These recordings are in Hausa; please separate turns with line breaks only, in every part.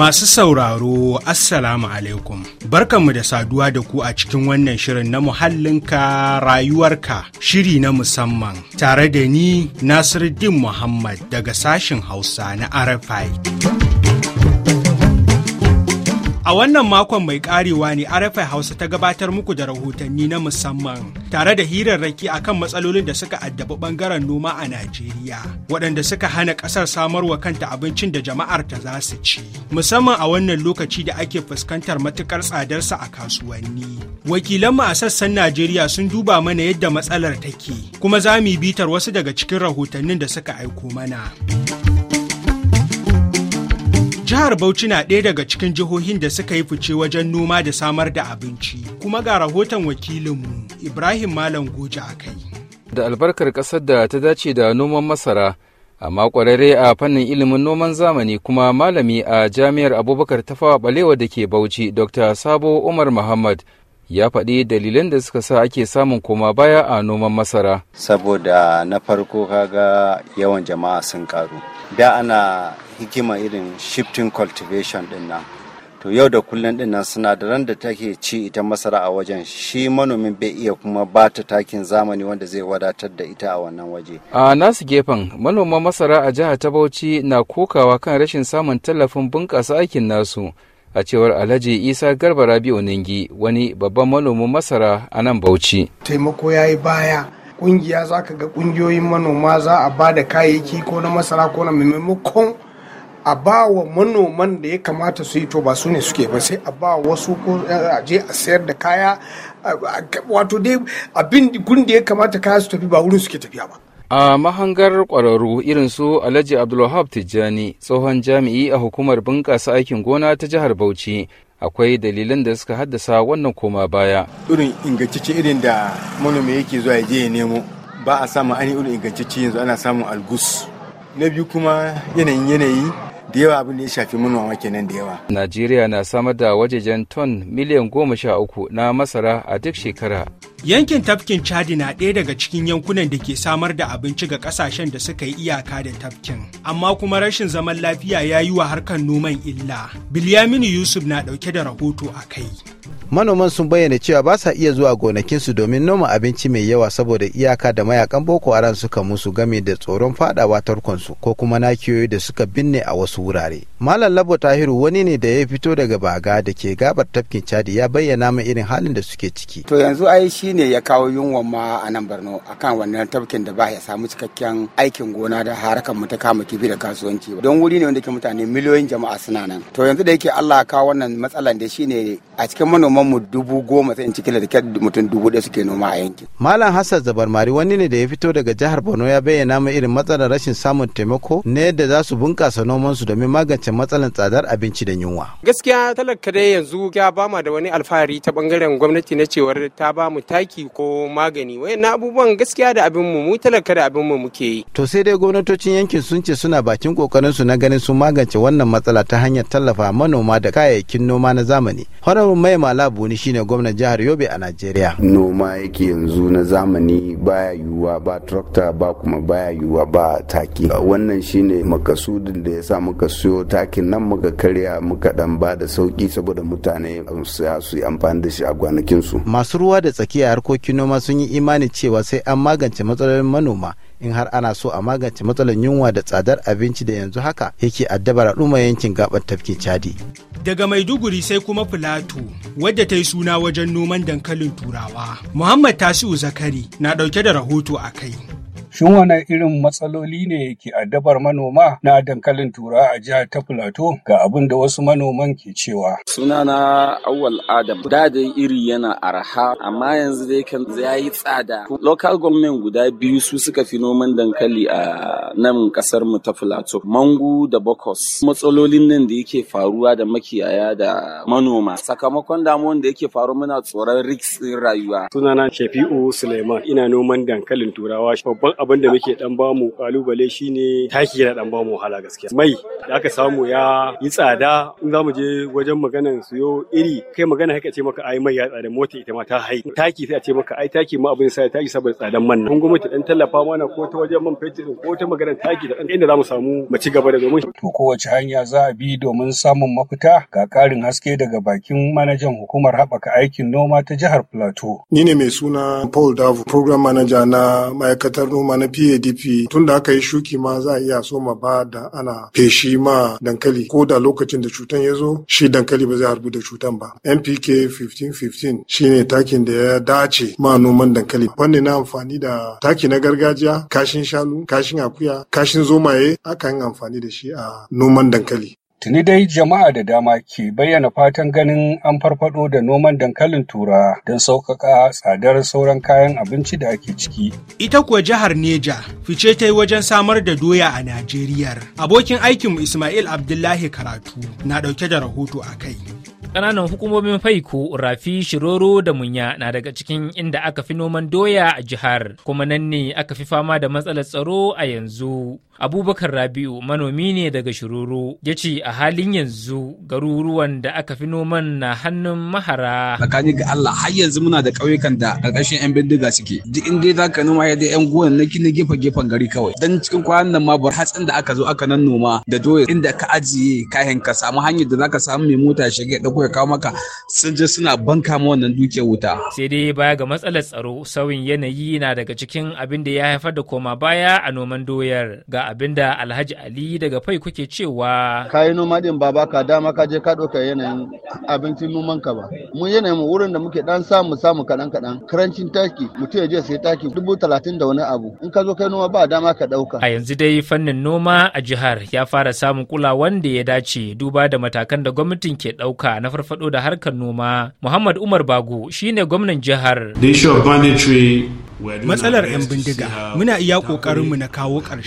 Masu sauraro Assalamu alaikum barkanmu da saduwa da ku a cikin wannan shirin na muhallinka rayuwarka shiri na musamman tare da ni Nasiruddin Muhammad daga sashen Hausa na RFI. A wannan makon mai karewa ne Arafai Hausa ta gabatar muku da rahotanni na musamman tare da hirarraki kan matsalolin da suka addabi bangaren noma a Najeriya, waɗanda suka hana ƙasar samarwa kanta abincin da jama'ar ta za su ci, musamman a wannan lokaci da ake fuskantar matuƙar tsadarsa a kasuwanni. Wakilanmu a sassan Najeriya sun duba mana yadda matsalar take, kuma za mu bitar wasu daga cikin rahotannin da suka aiko mana. Jihar Bauchi na ɗaya daga cikin jihohin da suka yi fice wajen noma da samar da abinci, kuma ga rahoton wakilinmu Ibrahim Malam Goja a kai.
Da albarkar ƙasar da ta dace da noman masara, amma ƙwararre a fannin ilimin noman zamani kuma malami a jami'ar Abubakar tafa Balewa da ke Bauchi, Dr. Sabo Umar Muhammad, ya faɗi dalilan da suka sa ake samun koma baya a noman masara. Saboda na farko kaga yawan jama'a sun
karu. Da ana hikima irin shifting cultivation din nan to yau da kullum din nan sinadaran da take ci ita masara a wajen shi manomin bai iya kuma ba ta takin zamani wanda zai wadatar da ita a wannan waje
a nasu gefen manoman masara a jihar ta bauchi na kokawa kan rashin samun tallafin bunƙasa aikin nasu a cewar alhaji isa garba rabi'u ningi wani babban manomin masara a nan bauchi
taimako ya yi baya kungiya za ka ga kungiyoyin manoma za a ba da kayayyaki ko na masara ko na maimakon a ba wa manoman da ya kamata su yi to ba su ne suke ba sai a ba wasu ko a je a sayar da kaya wato dai abin gun
da ya kamata kaya su tafi ba wurin suke tafiya ba
a mahangar kwararru irin su alhaji abdulwahab tijjani tsohon jami'i a hukumar bunƙasa aikin gona ta jihar bauchi akwai dalilan da suka haddasa wannan koma baya
irin ingantacce irin da manomi yake zuwa ya je ya nemo ba a samun ainihin irin ingantacce yanzu ana samun algus na biyu kuma yanayin yanayi da yawa abin da ya shafi manoma kenan da yawa.
Najeriya na samar da wajejen ton miliyan goma sha uku na masara a duk shekara.
Yankin tafkin Chadi na ɗaya daga cikin yankunan da ke samar da abinci ga ƙasashen da suka yi iyaka da tafkin. Amma kuma rashin zaman lafiya ya yi wa harkar noman illa. Bilyaminu Yusuf na ɗauke da rahoto a kai.
manoman sun bayyana cewa ba sa iya zuwa gonakinsu domin noma abinci mai yawa saboda iyaka da mayakan boko haram suka musu game da tsoron fadawa tarkonsu ko kuma nakiyoyi da suka binne a wasu wurare Malam Labo Tahiru wani ne da ya fito daga baga da ke gabar tafkin Chadi ya bayyana min irin halin da suke ciki.
To yanzu ai shi ne ya kawo yunwa ma a nan Borno akan wannan tafkin da ba ya samu cikakken aikin gona da harakan mu ta kama kifi da kasuwanci. Don wuri ne wanda ke mutane miliyoyin jama'a suna nan. To yanzu da yake Allah kawo wannan matsalan da shi ne a cikin manoman mu dubu goma sai in cikin da mutum dubu ɗaya suke noma a yankin.
Malam Hassan Zabarmari wani ne da ya fito daga jihar Borno ya bayyana min irin matsalar rashin samun taimako na yadda za su bunƙasa nomansu domin magance magance matsalar tsadar abinci da yunwa.
Gaskiya talaka dai yanzu ya ba mu da wani alfahari ta bangaren gwamnati na cewar ta ba mu taki ko magani. Wayannan abubuwan gaskiya da abin mu mu talaka da abin mu muke yi.
To sai dai gwamnatocin yankin sun ce suna bakin kokarin su na ganin sun magance wannan matsala ta hanyar tallafa manoma da kayayyakin noma na zamani. Honorable Mai Malabu ne shine gwamnan jihar Yobe a Najeriya. Noma yake yanzu na zamani baya yiwuwa ba tractor ba kuma baya yuwa ba taki. Wannan shine makasudin da ya sa muka siyo ta matakin nan muka karya muka dan ba da sauki saboda mutane su yi amfani da shi a gwanakinsu. Masu ruwa da tsakiya harkokin noma sun yi imani cewa sai an magance matsalolin manoma in har ana so a magance matsalar yunwa da tsadar abinci da yanzu haka yake addabar al'umma yankin gabar tafkin Chadi.
Daga Maiduguri sai kuma Filato wadda ta yi suna wajen noman dankalin Turawa. Muhammad Tasiu Zakari na dauke da rahoto a kai. Shin wane irin matsaloli ne ke addabar manoma na dankalin tura a jihar ta Filato ga abin da wasu manoman ke cewa.
Sunana Awal Adam. Da iri yana araha amma yanzu dai kan ya yi tsada. Local government guda biyu su suka fi noman dankali a nan kasar mu ta Filato. Mangu da Bokos. Matsalolin nan da yake faruwa da makiyaya da manoma. Sakamakon damuwan da yake faru muna tsoron risk rayuwa. Sunana Shafi'u Suleiman ina
noman dankalin turawa. Babban abin da muke dan mu kalubale shine taki yana dan bamu wahala gaskiya mai da aka samu ya yi tsada in za mu je wajen maganan siyo iri kai magana haka ce maka ai mai ya tsada mota ita ma ta hai taki sai a ce maka ai taki ma abin sai taki saboda tsadan man nan gwamnati dan tallafa mana ko ta wajen man fetur ko ta maganar taki da inda za mu samu mu
ci gaba da domin to kowace hanya za a bi domin samun mafita ga karin haske daga bakin manajan hukumar haɓaka aikin noma ta jihar Plateau
ni ne mai suna Paul Davo program manager na ma'aikatar noma ma na PADP tun da aka yi shuki ma za a iya so ma ba da ana feshi ma dankali ko da lokacin da cutan ya zo shi dankali ba zai harbu da cutan ba. NPK 1515 shi shine takin da ya dace ma noman dankali. wanne na amfani da taki na gargajiya, kashin shanu, kashin akuya, kashin zomaye akan amfani da shi a noman dankali. Tuni dai jama'a da dama ke bayyana fatan ganin
an farfado da noman dankalin tura don sauƙaƙa tsadar sauran kayan abinci da ake ciki. Ita kuwa jihar Neja fice ta yi wajen samar da doya a Najeriya. Abokin aikinmu Ismail Abdullahi Karatu na ɗauke da rahoto a kai.
Ƙananan hukumomin Faiko, Rafi, Shiroro da Munya na daga cikin inda aka fi noman doya a jihar, kuma nan ne aka fi fama da matsalar tsaro a yanzu. abubakar rabi'u manomi ne daga shiroro ya ce a halin yanzu garuruwan da aka fi noman na hannun mahara tsakani ga allah har
yanzu muna da ƙauyukan da ƙarƙashin yan bindiga suke duk inda za ka noma ya da yan gonan na kini gefe gefen gari kawai dan cikin kwanan nan ma bar hatsin da aka zo aka nan noma da doya inda ka ajiye kayan ka samu hanyar da za ka samu mai mota shige da ya kawo maka sun je suna banka ma wannan dukiyar wuta
sai dai baya ga matsalar tsaro sauyin yanayi na daga cikin abin da ya haifar da koma baya a noman doyar ga abinda Alhaji Ali daga fai kuke cewa.
Ka noma din ba ka dama ka je ka ɗauka yanayin abincin noman ka ba. Mu yanayin mu wurin da muke dan samu samu kaɗan kaɗan karancin taki mutum ya je sai taki dubu talatin da wani abu in ka zo kai noma ba dama ka ɗauka.
A yanzu dai fannin noma a jihar ya fara samun kulawan wanda ya dace duba da matakan da gwamnatin ke ɗauka na farfaɗo da harkar noma. Muhammad Umar Bago shine gwamnan jihar. matsalar 'yan
bindiga muna iya ƙoƙarinmu na kawo ta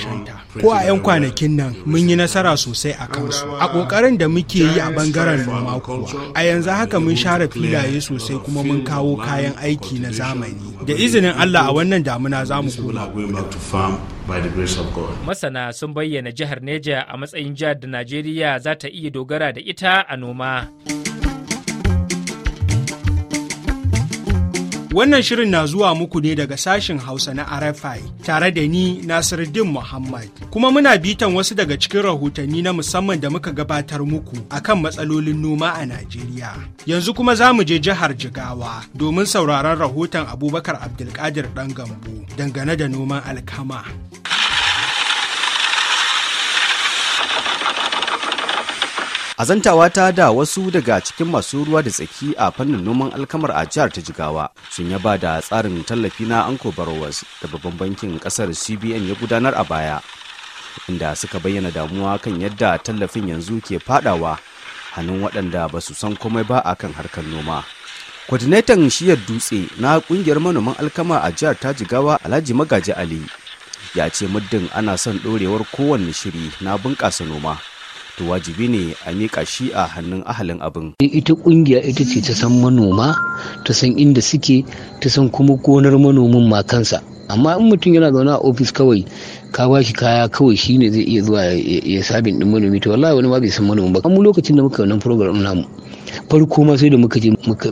ko a 'yan kwanakin nan mun yi nasara sosai a kansu a ƙoƙarin da muke yi a bangaren noma kuwa a yanzu haka mun share filaye sosai kuma mun kawo kayan aiki na zamani da izinin allah a wannan damuna za mu koma
masana sun bayyana jihar neja a matsayin jihar da najeriya za ta iya dogara da ita a noma
Wannan shirin na zuwa muku ne daga sashen Hausa na RFI tare da ni Nasiruddin Muhammad. Kuma muna bitan wasu daga cikin rahotanni na musamman da muka gabatar muku akan matsalolin noma a Najeriya. Yanzu kuma za mu je jihar Jigawa domin sauraron rahoton Abubakar Abdulkadir Dangambo dangane da noman alkama.
azantawa ta da wasu daga cikin masu ruwa da tsaki a fannin noman alkamar a jihar ta jigawa sun yaba da tsarin tallafi na anko borrowers da babban bankin kasar cbn ya gudanar a baya inda suka bayyana damuwa kan yadda tallafin yanzu ke fadawa hannun waɗanda ba su san komai ba akan harkar noma kwadinaitan shiyar dutse na kungiyar manoman alkama a jihar ta jigawa alhaji magaji ali ya ce muddin ana son ɗorewar kowanne shiri na bunƙasa noma to wajibi ne a miƙa shi a hannun ahalin abin.
Ita kungiya ita ce ta san manoma, ta san inda suke, ta san kuma gonar manomin ma kansa. Amma in mutum yana zaune a ofis kawai ka ba shi kaya kawai shi ne zai iya zuwa ya sabin ɗin manomi to wallahi wani ma bai san manomi ba. Amma lokacin da muka wannan program namu farko ma sai da muka je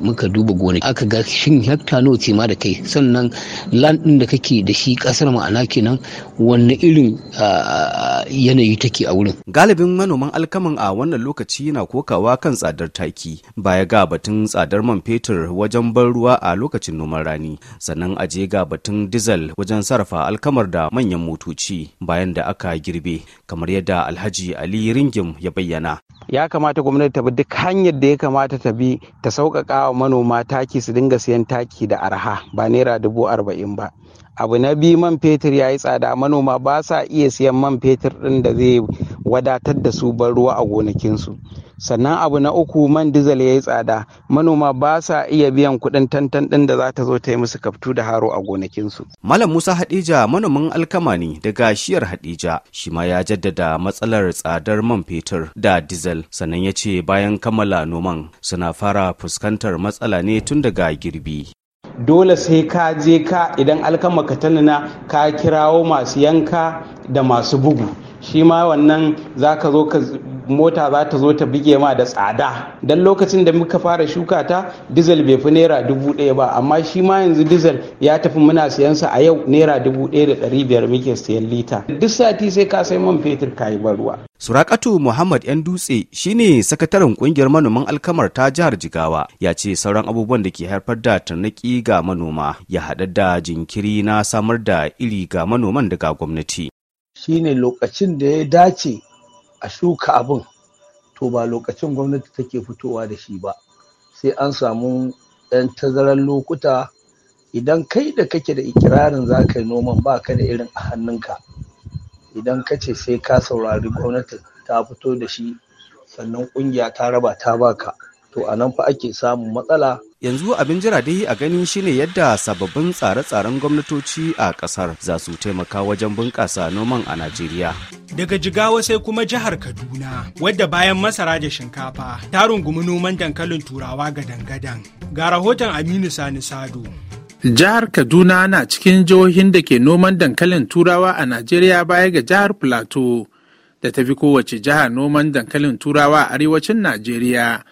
muka duba gona aka ga shin hekta nawa ce ma da kai sannan land din da kake da shi kasar ma'ana kenan wanne irin yanayi take a
wurin galibin manoman alkaman a wannan lokaci yana kokawa kan tsadar taki baya ga batun tsadar man fetur wajen ban ruwa a lokacin noman rani sannan a je ga batun dizal wajen sarrafa alkamar da manyan motoci bayan da aka girbe kamar yadda alhaji ali ringim ya bayyana ya kamata gwamnati ta bi duk hanyar da ya kamata ta bi ta sauƙaƙa wa manoma taki su dinga siyan taki da arha ba naira dubu arba'in ba abu na biyu man fetur ya yi tsada manoma ba sa iya siyan man fetur ɗin da zai wadatar da su ban ruwa a gonakinsu sannan abu na uku man dizal ya yi tsada manoma ba sa iya biyan kuɗin tantan ɗin da za ta zo ta yi musu kaftu da haro a gonakinsu. malam musa hadija manomin alkama ne daga shiyar hadija shi ma ya jaddada matsalar tsadar man fetur da dizal sannan ya ce bayan kammala noman suna fara fuskantar matsala ne tun daga girbi. dole sai ka je ka idan alkama ka tanana ka kirawo masu yanka da masu bugu shi ma wannan za ka zo mota za ta zo ta bige ma da tsada Don lokacin da muka fara shuka ta diesel bai fi naira dubu ɗaya ba amma shi ma yanzu diesel ya tafi muna siyan sa a yau naira dubu ɗaya da ɗari biyar muke siyan lita duk sati sai ka sai man fetur ka yi ruwa. surakatu muhammad yan dutse shine sakataren kungiyar manoman alkamar ta jihar jigawa ya ce sauran abubuwan da ke haifar da tarnaki ga manoma ya haɗa da jinkiri na samar da iri ga manoman daga gwamnati
shine lokacin da ya dace a shuka abin to ba lokacin gwamnati take fitowa da shi ba sai an samu ɗan tazarar lokuta idan kai da kake da ikirarin za ka yi noman ba ka da irin a hannunka idan ka ce sai ka saurari gwamnati ta fito da shi sannan ƙungiya ta raba ta baka to a nan fa ake samun matsala
yanzu abin jira dai a gani shine yadda sababbin tsare-tsaren gwamnatoci a ƙasar za su taimaka wajen bunƙasa noman a najeriya
daga jigawa sai kuma jihar kaduna wadda bayan masara da shinkafa ta rungumi noman dankalin turawa ga dangadan ga rahoton aminu sani sado
Jihar Kaduna na cikin jihohin da ke noman dankalin turawa a Najeriya baya ga jihar Plateau da ta fi kowace jihar noman dankalin turawa a arewacin Najeriya.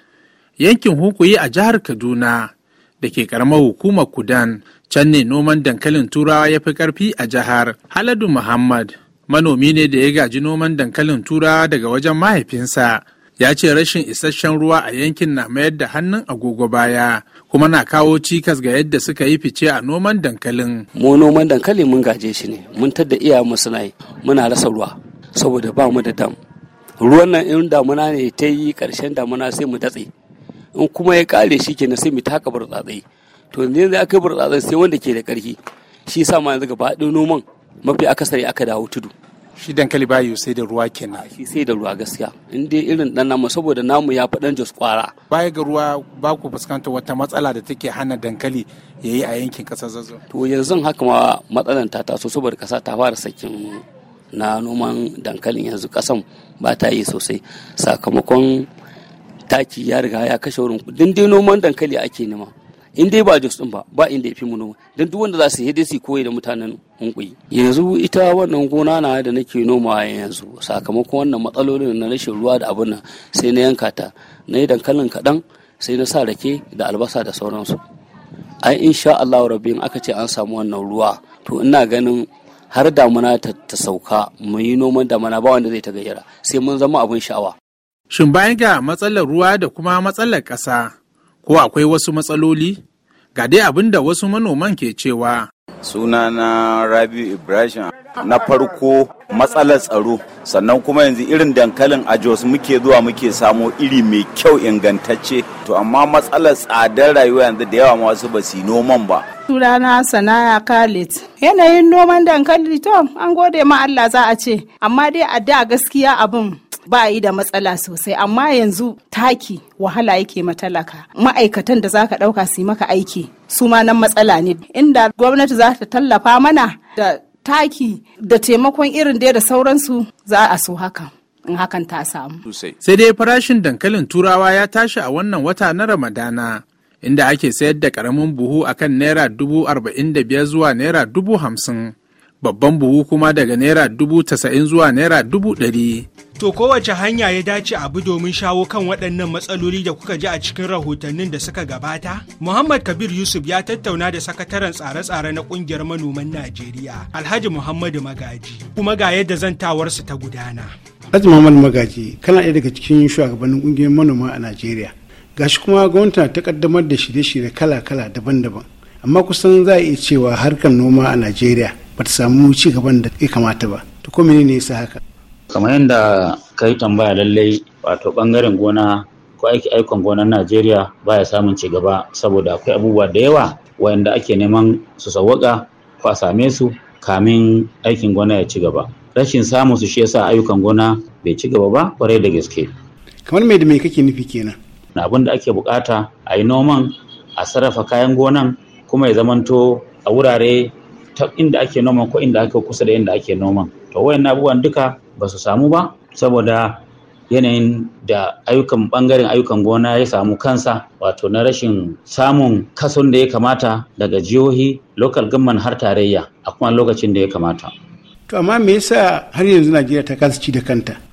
yankin hukuyi a jihar kaduna da ke karamar hukumar kudan can ne noman dankalin turawa ya fi karfi a jihar haladu muhammad manomi ne da ya gaji noman dankalin turawa daga wajen mahaifinsa ya ce rashin isasshen ruwa a yankin na mayar da hannun agogo baya kuma na kawo cikas ga yadda suka yi fice a noman dankalin mu noman
dankali mun gaje shi ne mun tadda iya musu yi muna rasa ruwa saboda ba mu da dam ruwan nan in damuna ne ta yi karshen damuna sai mu datse in kuma ya kare shi kenan sai mu taka burtsatsai to yanzu aka yi burtsatsai sai wanda ke da karfi shi sa ma yanzu gaba ɗaya noman mafi akasari aka dawo tudu shi dankali bayu sai da ruwa kenan shi sai da ruwa gaskiya in dai irin dan namu saboda namu ya faɗan jos kwara baya ga ruwa
ba ku fuskanta wata matsala da take hana dankali ya yi a yankin ƙasar zazzau
to yanzu haka ma matsalan ta taso saboda kasa ta fara sakin na noman dankalin yanzu kasan ba ta yi sosai sakamakon taki ya riga ya kashe wurin din dai noman dankali ake nema in dai ba jos din ba ba inda ya fi mu noma don duk wanda za su yi dai koyi da mutanen hunkuyi yanzu ita wannan gona na da nake noma yanzu sakamakon wannan matsalolin na rashin ruwa da abin nan sai na yanka ta na yi dankalin kaɗan sai na sa rake da albasa da sauransu ai insha Allah rabbi in aka ce an samu wannan ruwa to ina ganin har damuna ta sauka mu yi noman damuna ba wanda zai ta gayyara
sai mun zama abin sha'awa Shin bayan ga matsalar ruwa da kuma matsalar ƙasa, ko akwai wasu matsaloli? Ga dai abin da wasu manoman ke cewa. Suna na Rabi Ibrahim na farko matsalar tsaro sannan kuma yanzu irin
dankalin a Jos muke zuwa muke samo iri mai kyau ingantacce to amma matsalar tsadar rayuwa yanzu da yawa masu ba su noman ba sunana sanaya khalid yanayin noman dankali to an gode ma Allah za a ce amma dai a da gaskiya abin ba yi da matsala sosai amma yanzu taki wahala yake matalaka ma'aikatan da zaka ɗauka su yi maka aiki su ma nan matsala ne inda gwamnati za ta tallafa mana da taki da taimakon irin dai da sauransu za a so haka. in hakan ta samu.
Sai dai farashin dankalin turawa ya tashi a wannan wata na Ramadana, inda ake sayar da karamin buhu akan naira dubu arba'in da biyar zuwa naira dubu hamsin. babban buhu kuma daga naira dubu tasa'in zuwa naira dubu ɗari. To
kowace hanya ya dace abu domin shawo kan waɗannan matsaloli da kuka ji a cikin rahotannin da suka gabata? Muhammad Kabir Yusuf ya tattauna da sakataren tsare-tsare na ƙungiyar manoman Najeriya, Alhaji Muhammadu Magaji, kuma ga yadda zantawarsu ta gudana. Alhaji Muhammadu Magaji, kana ɗaya daga cikin shugabannin ƙungiyar manoma a Najeriya. Gashi kuma gwamnati ta kaddamar da shirye-shirye kala-kala daban-daban. Amma kusan za a iya cewa harkar noma a Najeriya ba ta samu ci gaban da ya kamata ba to ko menene yasa haka
kamar yadda ka yi tambaya lallai wato bangaren gona ko aiki aikon gonar Najeriya baya samun ci gaba saboda akwai abubuwa da yawa wayanda ake neman su sawwaka ko a same su kamin aikin gona ya ci gaba rashin samun su shi yasa ayyukan gona bai ci gaba ba kwarai da gaske kamar me da me kake nufi kenan na abin da ake bukata a yi noman a sarrafa kayan gonan kuma ya zamanto a wurare ta inda ake noman ko inda ake kusa da inda ake noman to na abubuwan duka ba su samu ba saboda yanayin da ayyukan bangaren ayyukan gona ya samu kansa wato na rashin samun kason da ya kamata daga jihohi local government har tarayya a kuma lokacin da ya kamata. To amma me yasa har yanzu Najeriya ta kasa ci da kanta?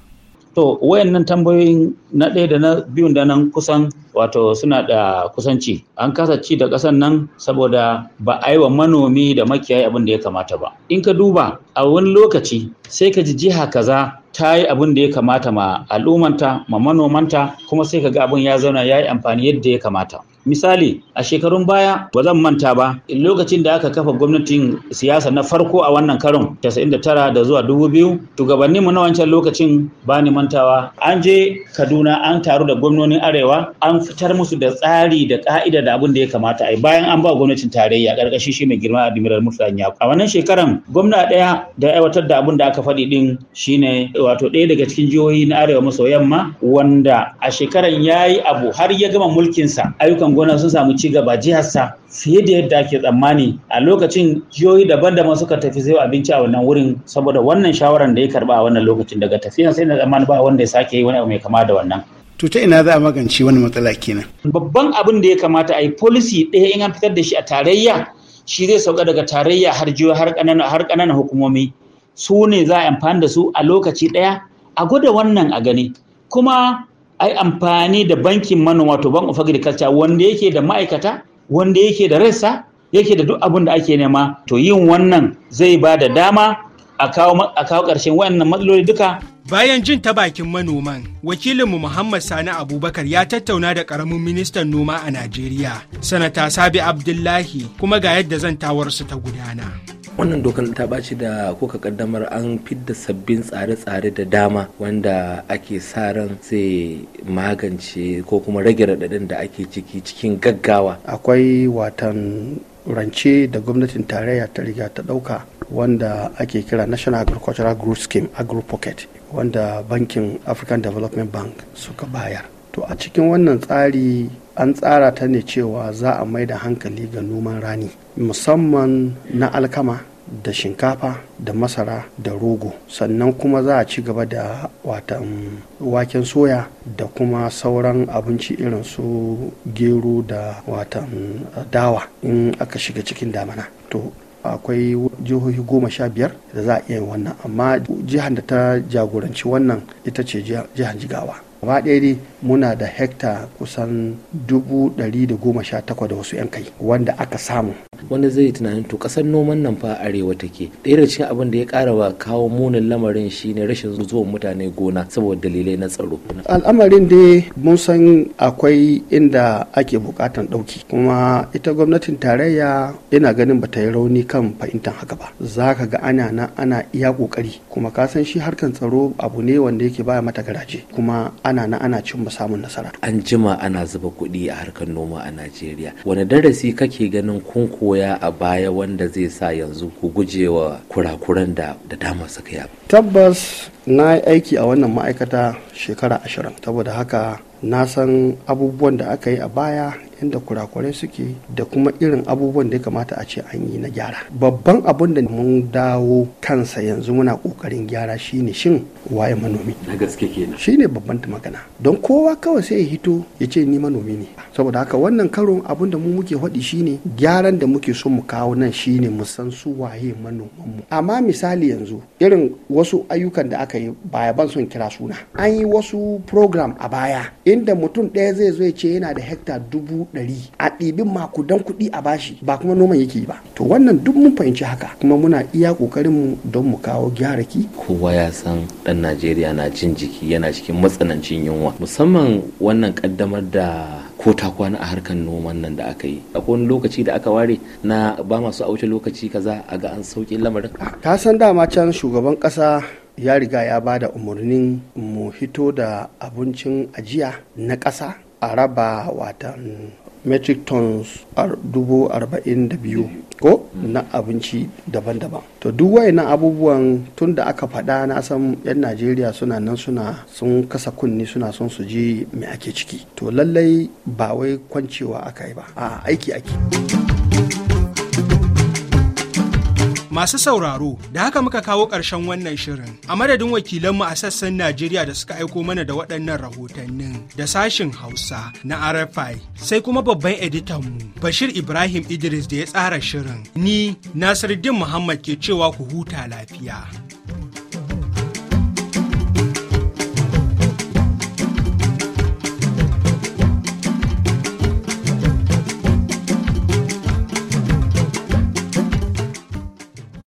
To wayannan tambayoyin na ɗaya da na biyun da nan kusan wato suna da kusanci. An kasa ci da ƙasan nan saboda ba a yi wa manomi da makiyayi abin da ya kamata ba. In ka duba a wani lokaci sai ka ji jiha kaza ta yi abin da ya kamata ma al'ummanta ma manomanta kuma sai ka ga abin ya zauna ya yi amfani yadda ya kamata. misali a shekarun baya ba zan manta ba lokacin da aka kafa gwamnatin siyasa na farko a wannan karon 99 da zuwa 2000 shugabannin mu na wancan lokacin ba ni mantawa an je Kaduna an taru da gwamnonin Arewa an fitar musu da tsari da ka'ida da abin da ya kamata a yi. bayan an ba gwamnatin tarayya karkashin shi mai girma Admiral Murtala a wannan shekaran gwamna ɗaya da aiwatar da abin da aka faɗi din shine wato ɗaya daga cikin jihohi na Arewa maso yamma wanda a shekaran ya yi abu har ya gama mulkinsa ayyukan gona sun samu ci gaba jiharsa fiye da yadda ake tsammani a lokacin jihohi daban-daban suka tafi sayo abinci a wannan wurin saboda wannan shawaran da ya karba a wannan lokacin daga tafiyan sai na tsammani ba wanda ya sake yi wani abu mai kama da wannan
to ta ina za a magance
wani matsala kenan babban abin da ya kamata a yi policy ɗaya in an fitar da shi a tarayya shi zai sauka daga tarayya har jiyo har ƙananan har ƙananan hukumomi su ne za a amfani da su a lokaci ɗaya a gwada wannan a gani kuma ai amfani da bankin manoma to bank of agriculture wanda yake da ma'aikata wanda yake da rassa yake da duk abin da ake nema to yin wannan zai ba da dama a kawo ƙarshen wannan matsaloli duka. Bayan jin ta
bakin manoman, wakilinmu Muhammad Sani Abubakar ya tattauna da ƙaramin ministan noma a Najeriya, Sanata Sabi Abdullahi kuma ga yadda tawar su ta gudana.
wannan dokar ta ɓaci da kuka kaddamar an fidda sabbin tsare-tsare da dama wanda ake sa ran zai magance ko kuma rage raɗaɗin da ake ciki cikin gaggawa
akwai watan rance da gwamnatin tarayya ta riga ta ɗauka wanda ake kira national agricultural group scheme agro pocket wanda bankin african development bank suka bayar to a cikin wannan tsari an tsara ta ne cewa za a mai da hankali ga noman rani musamman na alkama da shinkafa da masara da rogo sannan kuma za a ci gaba da watan waken soya da kuma sauran abinci irin su gero da watan dawa in aka shiga cikin damana to akwai jihohi goma sha biyar da za a iya wannan amma jihar da ta jagoranci wannan ita ce jihar jigawa gaba ɗaya dai muna da hekta kusan dubu dari da
goma sha takwa da wasu 'yan kai wanda aka samu wanda zai tunanin to kasar noman nan fa arewa take ɗaya daga cikin abin da ya ƙara wa kawo munin lamarin shine rashin zuwan mutane gona saboda dalilai na tsaro
al'amarin dai mun san akwai inda ake buƙatan ɗauki kuma ita gwamnatin tarayya ina ganin bata yi rauni kan fahimtar haka ba za ka ga ana na ana iya ƙoƙari kuma ka san shi harkan tsaro abu ne wanda yake baya mata garaje kuma ana na ana cin samun nasara
an jima ana zuba kuɗi a harkar noma a najeriya wani darasi kake ganin kun koya a baya wanda zai sa yanzu ku guje wa kurakuran da da dama suka yi
tabbas na yi aiki a wannan ma'aikata shekara ashirin saboda haka na san abubuwan da aka yi a baya inda kurakurai suke da kuma irin abubuwan da ya kamata a ce an yi na gyara babban abun da mun dawo kansa yanzu muna kokarin gyara shine shin waye manomi na gaske kenan shine babban ta magana don kowa kawai sai ya hito ya ce ni manomi ne saboda haka wannan karon abun da mu muke faɗi shine gyaran da muke so mu kawo nan shine mu san su waye manoman mu amma misali yanzu irin wasu ayyukan da aka yi baya ban son kira suna an yi wasu program a baya inda mutum ɗaya zai zo ya ce yana da hekta dubu dubu ɗari a ɗibin makudan kuɗi a bashi ba kuma noman yake ba to wannan duk mun fahimci haka kuma muna iya kokarin mu don mu kawo gyara ki
kowa ya san ɗan najeriya na cin jiki yana cikin matsanancin yunwa musamman wannan ƙaddamar da ko ta kwana a harkar noman nan da aka yi akwai wani lokaci da aka ware na ba masu a wuce lokaci kaza a ga an sauƙi lamarin
ta san dama can shugaban ƙasa ya riga ya ba da umarnin mu hito da abincin ajiya na ƙasa a raba watan metric tons dubu arba'in da biyu ko na abinci daban-daban to duk na abubuwan tun da aka faɗa na san 'yan najeriya suna nan suna sun kasa kunni suna son su je mai ake ciki to lallai ba wai kwancewa aka yi ba a aiki ake
Masu sauraro, da haka muka kawo ƙarshen wannan shirin, a madadin wakilanmu a sassan Najeriya da suka aiko mana da waɗannan rahotannin da sashin Hausa na RFI, sai kuma babban editanmu Bashir Ibrahim Idris da ya tsara shirin. Ni, Nasiruddin Muhammad ke cewa ku huta lafiya.